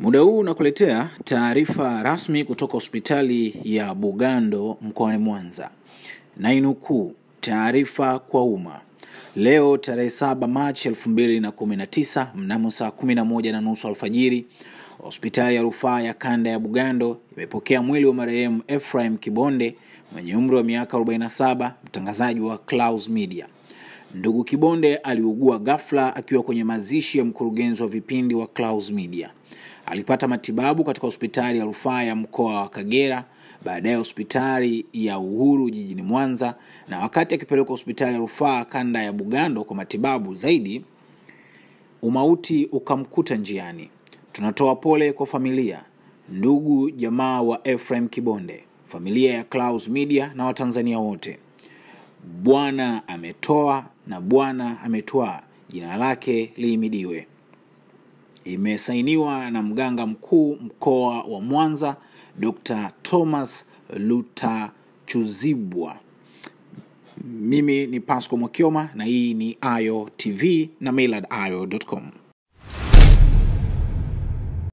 Muda huu unakuletea taarifa rasmi kutoka hospitali ya Bugando mkoani Mwanza, nainukuu taarifa kwa umma leo tarehe saba Machi elfu mbili na kumi na tisa mnamo saa kumi na moja na nusu alfajiri hospitali ya rufaa ya kanda ya Bugando imepokea mwili wa marehemu efrahim Kibonde mwenye umri wa miaka 47, mtangazaji wa Clouds Media. Ndugu Kibonde aliugua ghafla akiwa kwenye mazishi ya mkurugenzi wa vipindi wa Clouds Media. Alipata matibabu katika hospitali ya rufaa ya mkoa wa Kagera, baadaye hospitali ya Uhuru jijini Mwanza, na wakati akipelekwa hospitali ya rufaa kanda ya Bugando kwa matibabu zaidi, umauti ukamkuta njiani. Tunatoa pole kwa familia, ndugu, jamaa wa Ephraim Kibonde, familia ya Clouds Media na Watanzania wote. Bwana ametoa na Bwana ametwaa, jina lake liimidiwe. Imesainiwa na mganga mkuu mkoa wa Mwanza, Dr. Thomas Lutachuzibwa. Mimi ni Pasco Mwakioma na hii ni Ayo TV na millardayo.com.